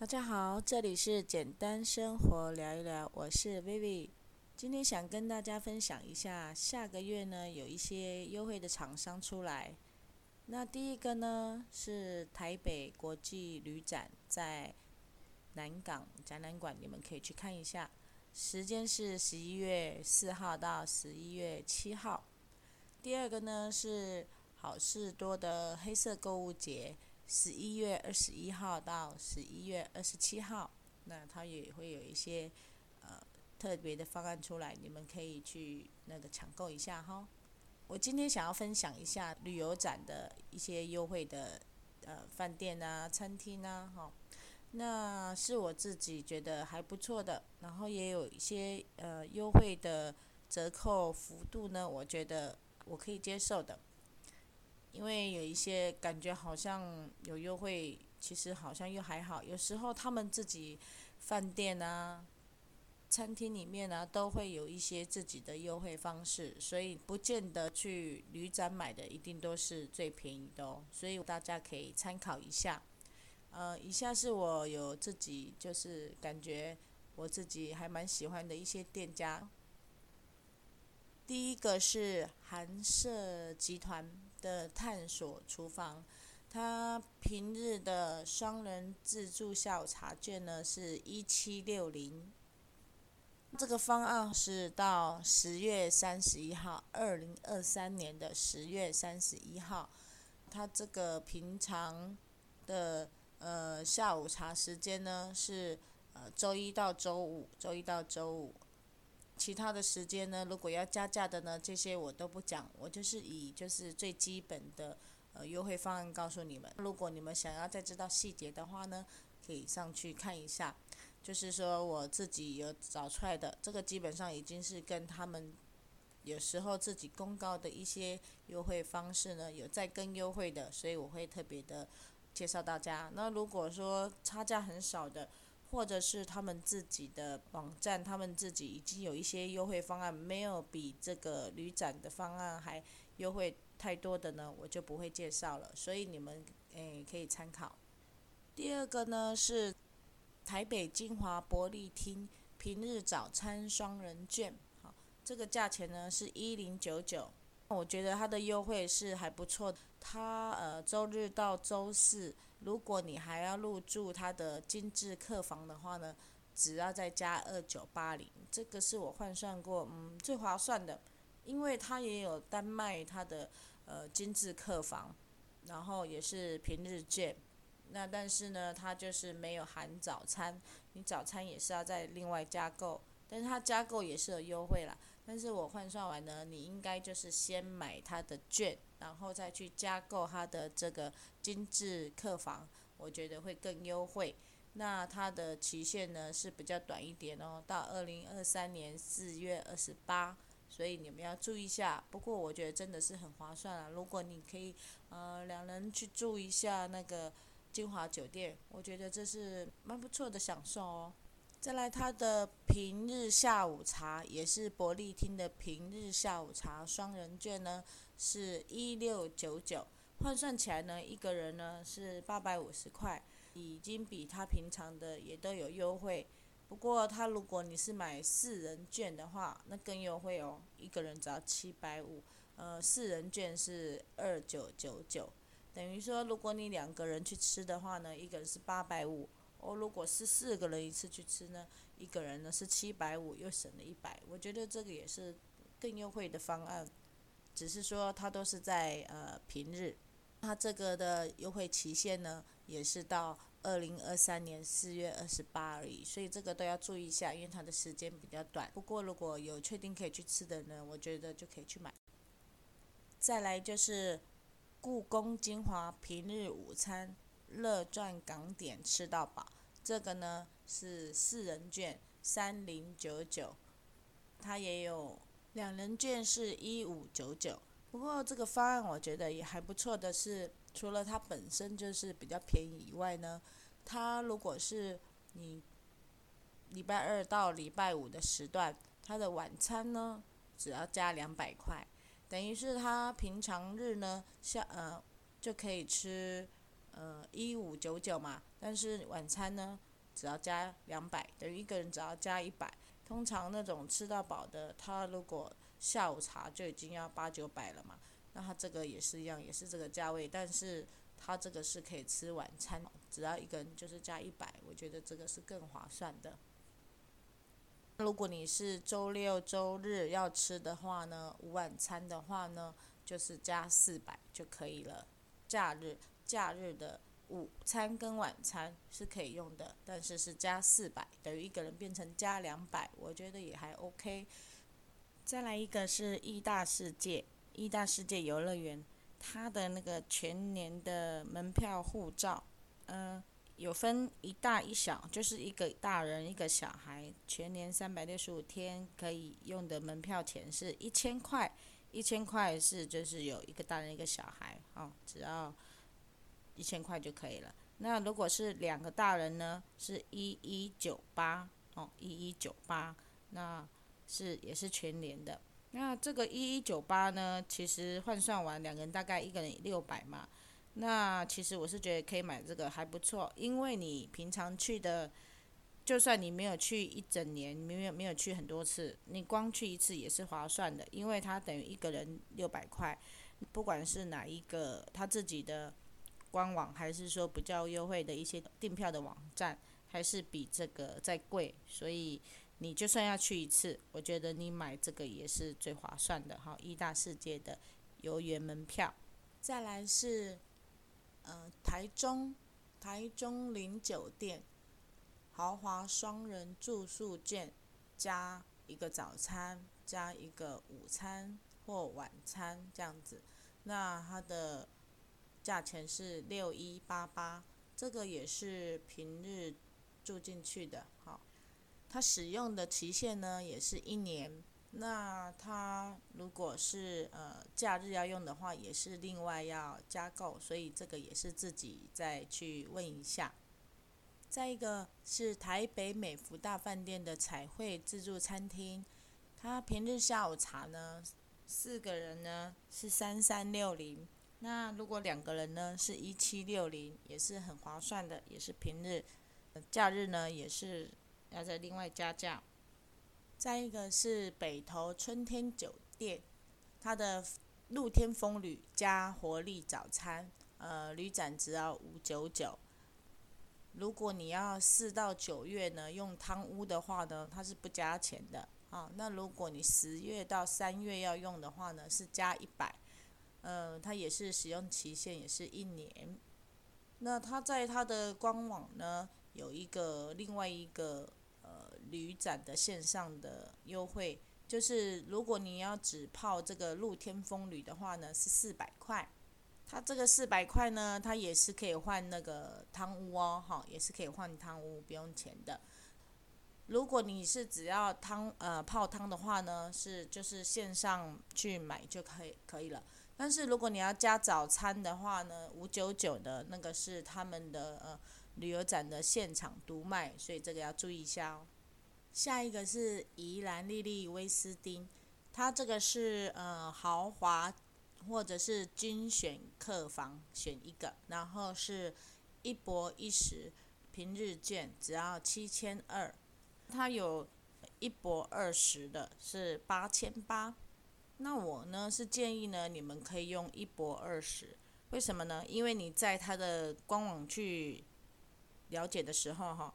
大家好，這裡是簡單生活聊一聊，我是 Vivi。今天想跟大家分享一下，下個月呢有一些優惠的廠商出來。那第一個呢是台北國際旅展，在南港展覽館，你們可以去看一下，時間是十一月四號到十一月七號。第二個呢是好市多的黑色購物節。十一月二十一號到十一月二十七號，那它也會有一些呃特別的方案出來，你們可以去那個搶購一下哈、哦。我今天想要分享一下旅遊展的一些優惠的呃飯店吶、啊、餐廳呐、啊，哈、哦，那是我自己覺得還不錯的，然後也有一些呃優惠的折扣幅度呢，我覺得我可以接受的。因為有一些感覺好像有優惠，其實好像又還好。有時候他們自己飯店啊、餐廳裡面啊，都會有一些自己的優惠方式，所以不見得去旅展買的一定都是最便宜的哦。所以大家可以參考一下。呃，以下是我有自己就是感覺我自己還蠻喜歡的一些店家。第一個是寒舍集團的探索廚房，他平日的雙人自助下午茶券呢是一七六零，這個方案是到十月三十一號，二零二三年的十月三十一號，他這個平常的呃下午茶時間呢是呃周一到周五，周一到周五。其他的時間呢，如果要加價的呢，這些我都不講，我就是以就是最基本的呃優惠方案告訴你們。如果你們想要再知道細節的話呢，可以上去看一下。就是說我自己有找出來的，這個基本上已經是跟他們有時候自己公告的一些優惠方式呢，有在更優惠的，所以我會特別的介紹大家。那如果說差價很少的。或者是他們自己的網站，他們自己已經有一些優惠方案，沒有比這個旅展的方案還優惠太多的呢，我就不會介紹了。所以你們誒、哎、可以參考。第二個呢是台北金華柏麗廳平日早餐雙人券，好，這個價錢呢是一零九九，我覺得它的優惠是還不錯的。他呃，週日到週四，如果你還要入住他的精致客房的話呢，只要再加二九八零，這個是我換算過，嗯，最划算的，因為他也有單賣他的呃精致客房，然後也是平日券，那但是呢，他就是沒有含早餐，你早餐也是要再另外加購，但是他加購也是有優惠啦。但是我換算完呢，你應該就是先買他的券，然後再去加購他的這個精緻客房，我覺得會更優惠。那它的期限呢是比較短一點哦，到二零二三年四月二十八，所以你們要注意一下。不過我覺得真的是很划算啊，如果你可以，呃，兩人去住一下那個金華酒店，我覺得這是蠻不錯的享受哦。再來他的平日下午茶，也是柏麗廳的平日下午茶雙人券呢，是一六九九，換算起來呢，一個人呢是八百五十塊，已經比他平常的也都有優惠。不過他如果你是買四人券的話，那更優惠哦，一個人只要七百五，呃，四人券是二九九九，等於說如果你兩個人去吃的話呢，一個人是八百五。我、哦、如果是四個人一次去吃呢，一個人呢是七百五，又省了一百，我覺得這個也是更優惠的方案。只是說它都是在呃平日，它這個的優惠期限呢也是到二零二三年四月二十八而已，所以這個都要注意一下，因為它的時間比較短。不過如果有確定可以去吃的呢，我覺得就可以去買。再來就是故宮精華平日午餐。樂轉港點吃到飽，這個呢是四人券三零九九，99，它也有兩人券是一五九九。不過這個方案我覺得也還不錯的是，除了它本身就是比較便宜以外呢，它如果是你禮拜二到禮拜五的時段，它的晚餐呢只要加兩百塊，等於是它平常日呢下呃就可以吃。呃，一五九九嘛，但是晚餐呢，只要加兩百，等於一個人只要加一百。通常那種吃到飽的，他如果下午茶就已經要八九百了嘛，那他這個也是一樣，也是這個價位，但是他這個是可以吃晚餐，只要一個人就是加一百，我覺得這個是更划算的。如果你是周六周日要吃的話呢，午晚餐的話呢，就是加四百就可以了，假日。假日的午餐跟晚餐是可以用的，但是是加四百，等於一個人變成加兩百，我覺得也還 OK。再來一個是義大世界，義大世界遊樂園，它的那個全年的門票護照，呃，有分一大一小，就是一個大人一個小孩，全年三百六十五天可以用的門票錢是一千塊，一千塊是就是有一個大人一個小孩啊、哦，只要。一千塊就可以了。那如果是兩個大人呢？是一一九八哦，一一九八，那是也是全年的。那這個一一九八呢，其實換算完兩個人大概一個人六百嘛。那其實我是覺得可以買這個還不錯，因為你平常去的，就算你沒有去一整年，沒有沒有去很多次，你光去一次也是划算的，因為它等於一個人六百塊，不管是哪一個他自己的。官網還是說比較優惠的一些訂票的網站，還是比這個再貴，所以你就算要去一次，我覺得你買這個也是最划算的哈。一大世界的遊園門票，再來是，呃，台中台中林酒店豪華雙人住宿券，加一個早餐，加一個午餐或晚餐這樣子，那它的。價錢是六一八八，這個也是平日住進去的，好，它使用的期限呢也是一年，那它如果是呃假日要用的話，也是另外要加購，所以這個也是自己再去問一下。再一個是台北美福大飯店的彩繪自助餐廳，它平日下午茶呢，四個人呢是三三六零。那如果兩個人呢，是一七六零，也是很划算的，也是平日，呃，假日呢也是要再另外加價。再一個是北投春天酒店，它的露天風呂加活力早餐，呃，旅展只要五九九。如果你要四到九月呢，用湯屋的話呢，它是不加錢的啊。那如果你十月到三月要用的話呢，是加一百。呃、嗯，它也是使用期限也是一年。那它在它的官網呢，有一個另外一個呃旅展的線上的優惠，就是如果你要只泡這個露天風呂的話呢，是四百塊。它這個四百塊呢，它也是可以換那個湯屋哦，哈，也是可以換湯屋，不用錢的。如果你是只要湯呃泡湯的話呢，是就是線上去買就可以，可以了。但是如果你要加早餐的話呢，五九九的那個是他們的呃旅遊展的現場獨賣，所以這個要注意一下哦。下一個是宜蘭麗麗威斯汀，它這個是呃豪華或者是精選客房選一個，然後是一泊一食平日券只要七千二，它有一泊二食的是八千八。那我呢是建議呢，你們可以用一泊二食，為什麼呢？因為你在它的官網去了解的時候，哈，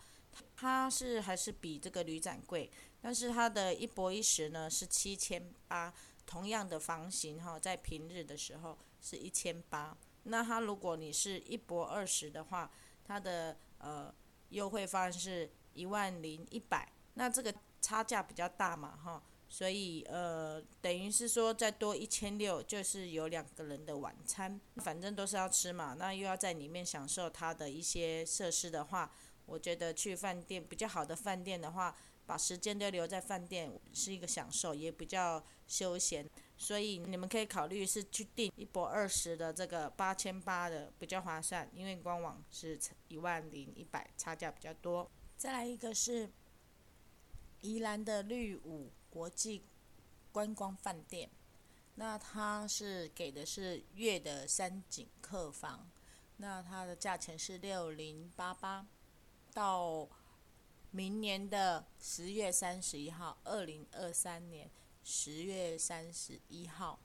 它是還是比這個旅展貴，但是它的一泊一食呢是七千八，同樣的房型哈，在平日的時候是一千八，那它如果你是一泊二食的話，它的呃優惠方案是一萬零一百，那這個差價比較大嘛，哈。所以，呃，等於是說再多一千六，就是有兩個人的晚餐。反正都是要吃嘛，那又要在裡面享受它的一些設施的話，我覺得去飯店比較好的飯店的話，把時間都留在飯店是一個享受，也比較休閒。所以你們可以考慮是去訂一泊二十的這個八千八的比較划算，因為官網是一萬零一百，差價比較多。再來一個是宜蘭的綠舞，國際觀光飯店，那它是給的是月的山景客房，那它的價錢是六零八八，到明年的十月三十一號，二零二三年十月三十一號，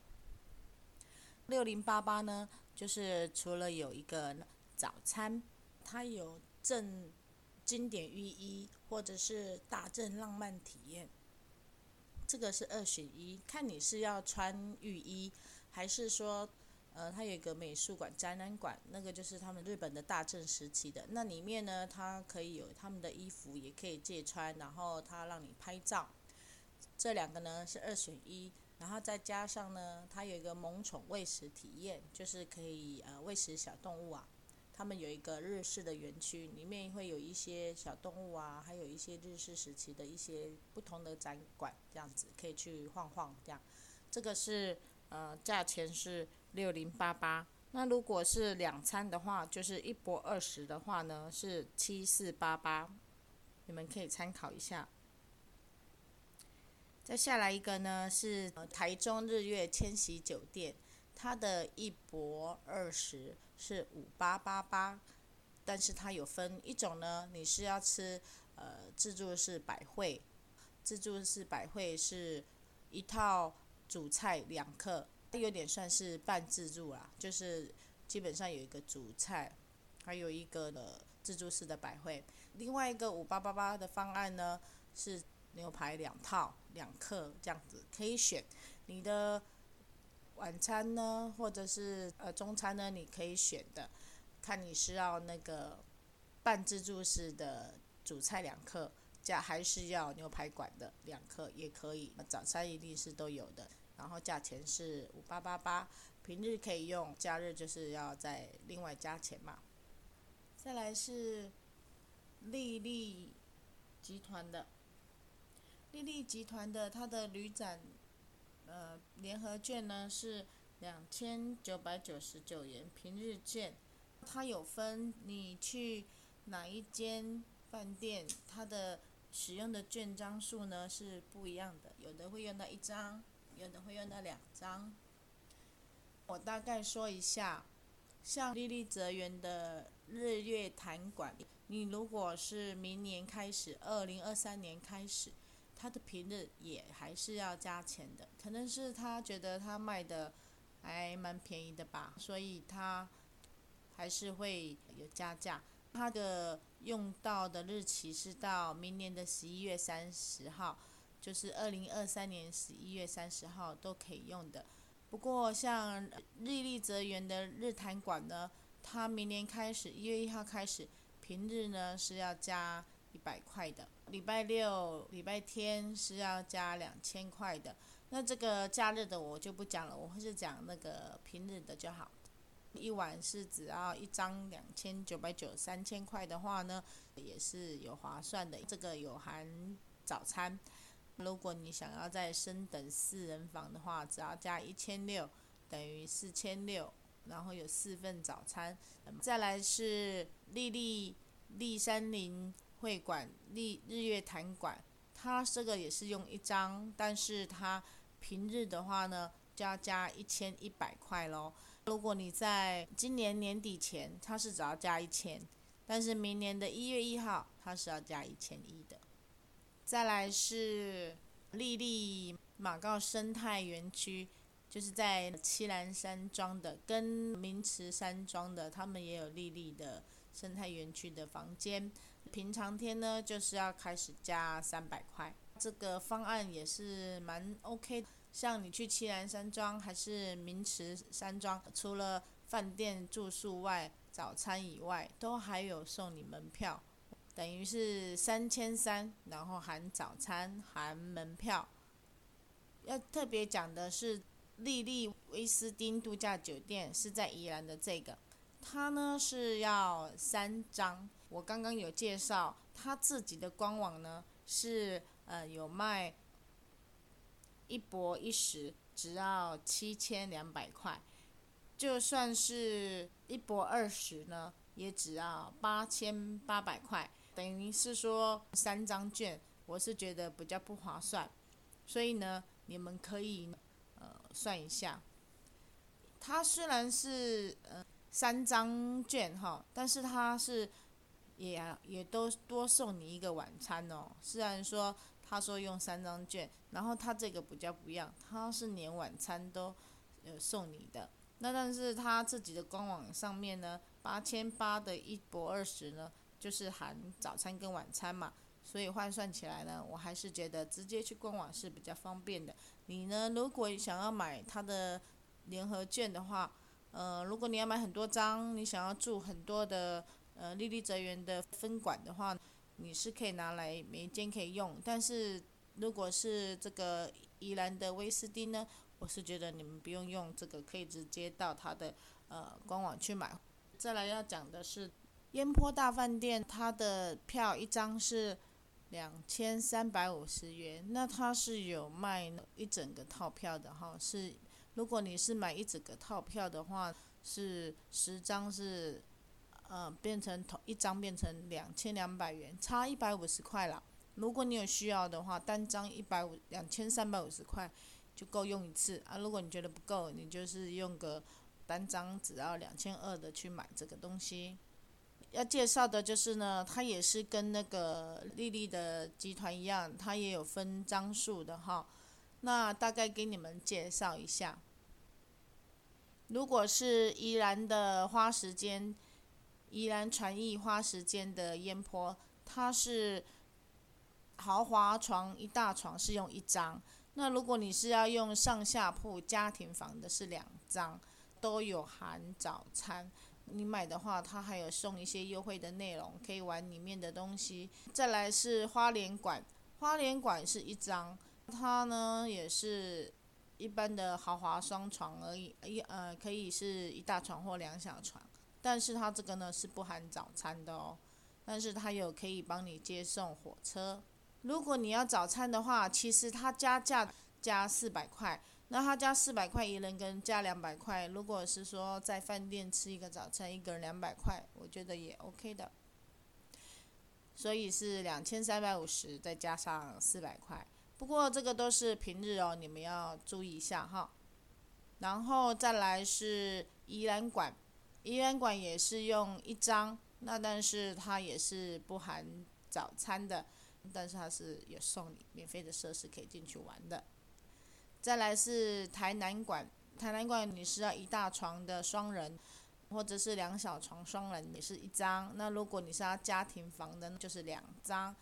六零八八呢，就是除了有一個早餐，它有贈經典浴衣，或者是大正浪漫體驗。這個是二選一，看你是要穿浴衣，還是說，呃，它有一個美術館展覽館，那個就是他們日本的大正時期的，那裡面呢，它可以有他們的衣服，也可以借穿，然後它讓你拍照。這兩個呢是二選一，然後再加上呢，它有一個萌寵餵食體驗，就是可以呃餵食小動物啊。他們有一個日式的園區，裡面會有一些小動物啊，還有一些日式時期的一些不同的展館，這樣子可以去晃晃。這樣，這個是呃，價錢是六零八八。那如果是兩餐的話，就是一泊二食的話呢，是七四八八，你們可以參考一下。再下來一個呢是，呃，台中日月千禧酒店。它的一泊二食是五八八八，但是它有分一種呢，你是要吃，呃，自助式百匯，自助式百匯是，一套主菜兩客，它有點算是半自助啦，就是基本上有一個主菜，還有一個呢自助式的百匯，另外一個五八八八的方案呢是牛排兩套兩客這樣子可以選你的。晚餐呢，或者是呃中餐呢，你可以選的，看你是要那個半自助式的主菜兩客，加還是要牛排館的兩客也可以。早餐一定是都有的，然後價錢是五八八八，平日可以用，假日就是要再另外加錢嘛。再來是麗麗集團的，麗麗集團的它的旅展。呃，聯合券呢是兩千九百九十九元平日券，它有分你去哪一間飯店，它的使用的券張數呢是不一樣的，有的會用到一張，有的會用到兩張。我大概說一下，像力麗哲園的日月潭館，你如果是明年開始，二零二三年開始。他的平日也還是要加錢的，可能是他覺得他賣的還蠻便宜的吧，所以他還是會有加價。他的用到的日期是到明年的十一月三十號，就是二零二三年十一月三十號都可以用的。不過像力麗哲園的日潭館呢，它明年開始一月一號開始，平日呢是要加一百塊的。禮拜六、禮拜天是要加兩千塊的，那這個假日的我就不講了，我會是講那個平日的就好。一晚是只要一張兩千九百九，三千塊的話呢，也是有划算的。這個有含早餐，如果你想要再升等四人房的話，只要加一千六，等於四千六，然後有四份早餐。嗯，再來是麗麗麗山林。會館麗日月潭館，它這個也是用一張，但是它平日的話呢，就要加一千一百塊咯。如果你在今年年底前，它是只要加一千，但是明年的一月一號，它是要加一千一的。再來是力麗馬告生態園區，就是在棲蘭山莊的跟明池山莊的，他們也有力麗的生態園區的房間。平常天呢，就是要開始加三百塊，這個方案也是蠻 OK 的。像你去棲蘭山莊還是明池山莊，除了飯店住宿外，早餐以外都還有送你門票，等於是三千三，然後含早餐含門票。要特別講的是，力麗威斯汀度假酒店是在宜蘭的這個，它呢是要三張。我剛剛有介紹，他自己的官網呢是呃有賣一泊一食，只要七千兩百塊，就算是一泊二食呢，也只要八千八百塊，等於是說三張券，我是覺得比較不划算，所以呢，你們可以呃算一下，它雖然是呃三張券哈，但是它是。也也都多送你一個晚餐哦。雖然說他說用三張券，然後他這個比較不一樣，他是連晚餐都呃送你的。那但是他自己的官網上面呢，八千八的一泊二食呢，就是含早餐跟晚餐嘛。所以換算起來呢，我還是覺得直接去官網是比較方便的。你呢，如果想要買他的聯合券的話，嗯、呃，如果你要買很多張，你想要住很多的。呃，力麗哲園的分館的話，你是可以拿來每一間可以用，但是如果是這個宜蘭的威斯汀呢，我是覺得你們不用用這個，可以直接到他的呃官網去買。再來要講的是，煙波大飯店它的票一張是兩千三百五十元，那它是有賣一整個套票的哈、哦，是如果你是買一整個套票的話，是十張是。呃，變成同一張變成兩千兩百元，差一百五十塊了。如果你有需要的話，單張一百五兩千三百五十塊就夠用一次啊。如果你覺得不夠，你就是用個單張只要兩千二的去買這個東西。要介紹的就是呢，它也是跟那個麗麗的集團一樣，它也有分張數的哈。那大概給你們介紹一下。如果是宜蘭的花時間。宜蘭傳藝花時間的煙波，它是豪華床，一大床是用一張。那如果你是要用上下鋪家庭房的，是兩張，都有含早餐。你買的話，它還有送一些優惠的內容，可以玩裡面的東西。再來是花蓮館，花蓮館是一張，它呢也是一般的豪華雙床而已，一呃可以是一大床或兩小床。但是它這個呢是不含早餐的哦，但是它有可以幫你接送火車。如果你要早餐的話，其實它加價加四百塊，那它加四百塊一人跟加兩百塊。如果是說在飯店吃一個早餐，一個人兩百塊，我覺得也 OK 的。所以是兩千三百五十再加上四百塊。不過這個都是平日哦，你們要注意一下哈。然後再來是宜蘭館。宜安館也是用一張，那但是它也是不含早餐的，但是它是有送你免費的設施可以進去玩的。再來是台南館，台南館你是要一大床的雙人，或者是兩小床雙人也是一張。那如果你是要家庭房的，就是兩張。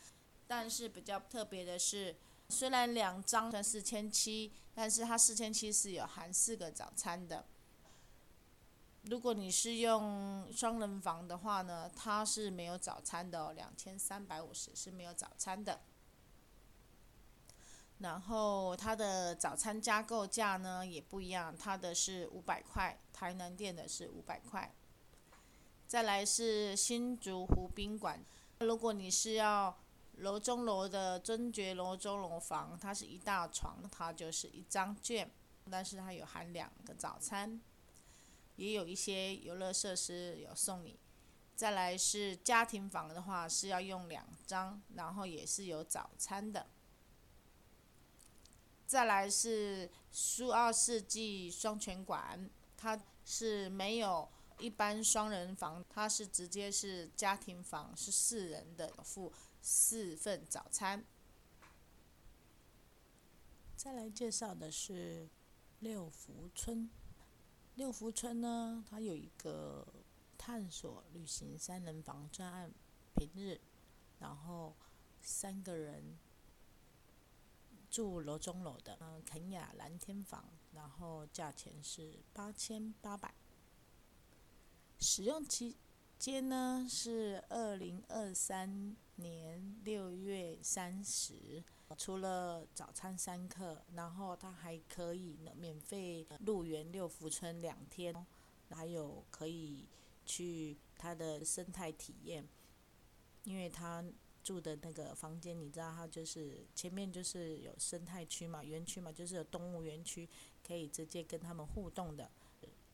但是比較特別的是，雖然兩張是四千七，但是它四千七是有含四個早餐的。如果你是用雙人房的話呢，它是沒有早餐的哦，兩千三百五十是沒有早餐的。然後它的早餐加購價呢也不一樣，它的是五百塊，台南店的是五百塊。再來是新竹湖賓館，如果你是要樓中樓的尊爵樓中樓房，它是一大床，它就是一張券，但是它有含兩個早餐。也有一些遊樂設施有送你。再來是家庭房的話，是要用兩張，然後也是有早餐的。再來是蘇澳四季雙泉館，它是沒有一般雙人房，它是直接是家庭房，是四人的付四份早餐。再來介紹的是六福村。六福村呢，它有一個探索旅行三人房專案，平日，然後三個人住樓中樓的，嗯，肯雅藍天房，然後價錢是八千八百，使用期間呢是二零二三年六月三十。除了早餐三客，然後他還可以免費入園六福村兩天，還有可以去他的生態體驗。因為他住的那個房間，你知道他就是前面就是有生態區嘛、園區嘛，就是有動物園區，可以直接跟他們互動的。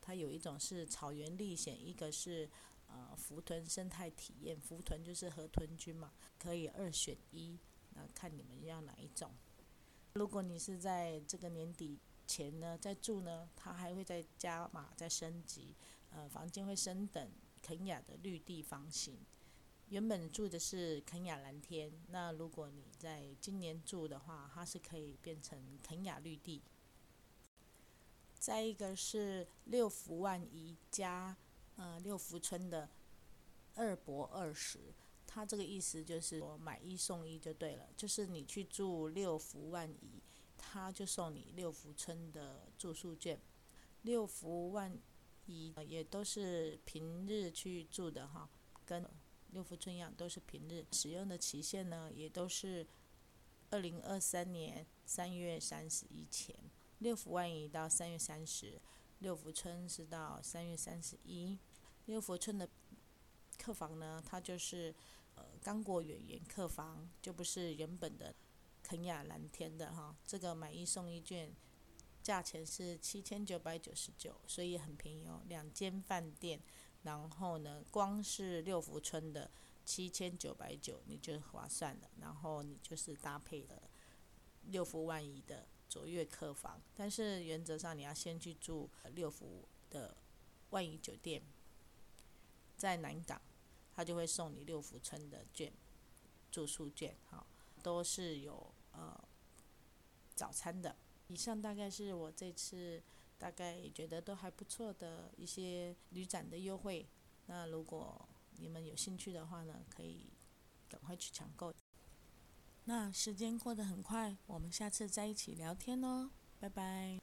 他有一種是草原歷險，一個是呃福豚生態體驗，福豚就是河豚居嘛，可以二選一。那看你們要哪一種。如果你是在這個年底前呢，在住呢，它還會再加碼、再升級，呃，房間會升等，肯雅的綠地房型。原本住的是肯雅藍天，那如果你在今年住的話，它是可以變成肯雅綠地。再一個是六福萬怡加，呃，六福村的二博二十。他這個意思就是我買一送一就對了，就是你去住六福萬怡，他就送你六福村的住宿券。六福萬怡也都是平日去住的哈，跟六福村一樣都是平日使用的期限呢，也都是二零二三年三月三十一前。六福萬怡到三月三十，六福村是到三月三十一。六福村的客房呢，它就是。剛果遠緣客房就不是原本的肯亞藍天的哈，這個買一送一券，價錢是七千九百九十九，所以很便宜哦。兩間飯店，然後呢，光是六福村的七千九百九你就划算了，然後你就是搭配了六福萬怡的卓越客房，但是原則上你要先去住六福的萬怡酒店，在南港。他就會送你六福村的券，住宿券，哈，都是有呃早餐的。以上大概是我這次大概也覺得都還不錯的一些旅展的優惠。那如果你們有興趣的話呢，可以趕快去搶購。那時間過得很快，我們下次再一起聊天哦，拜拜。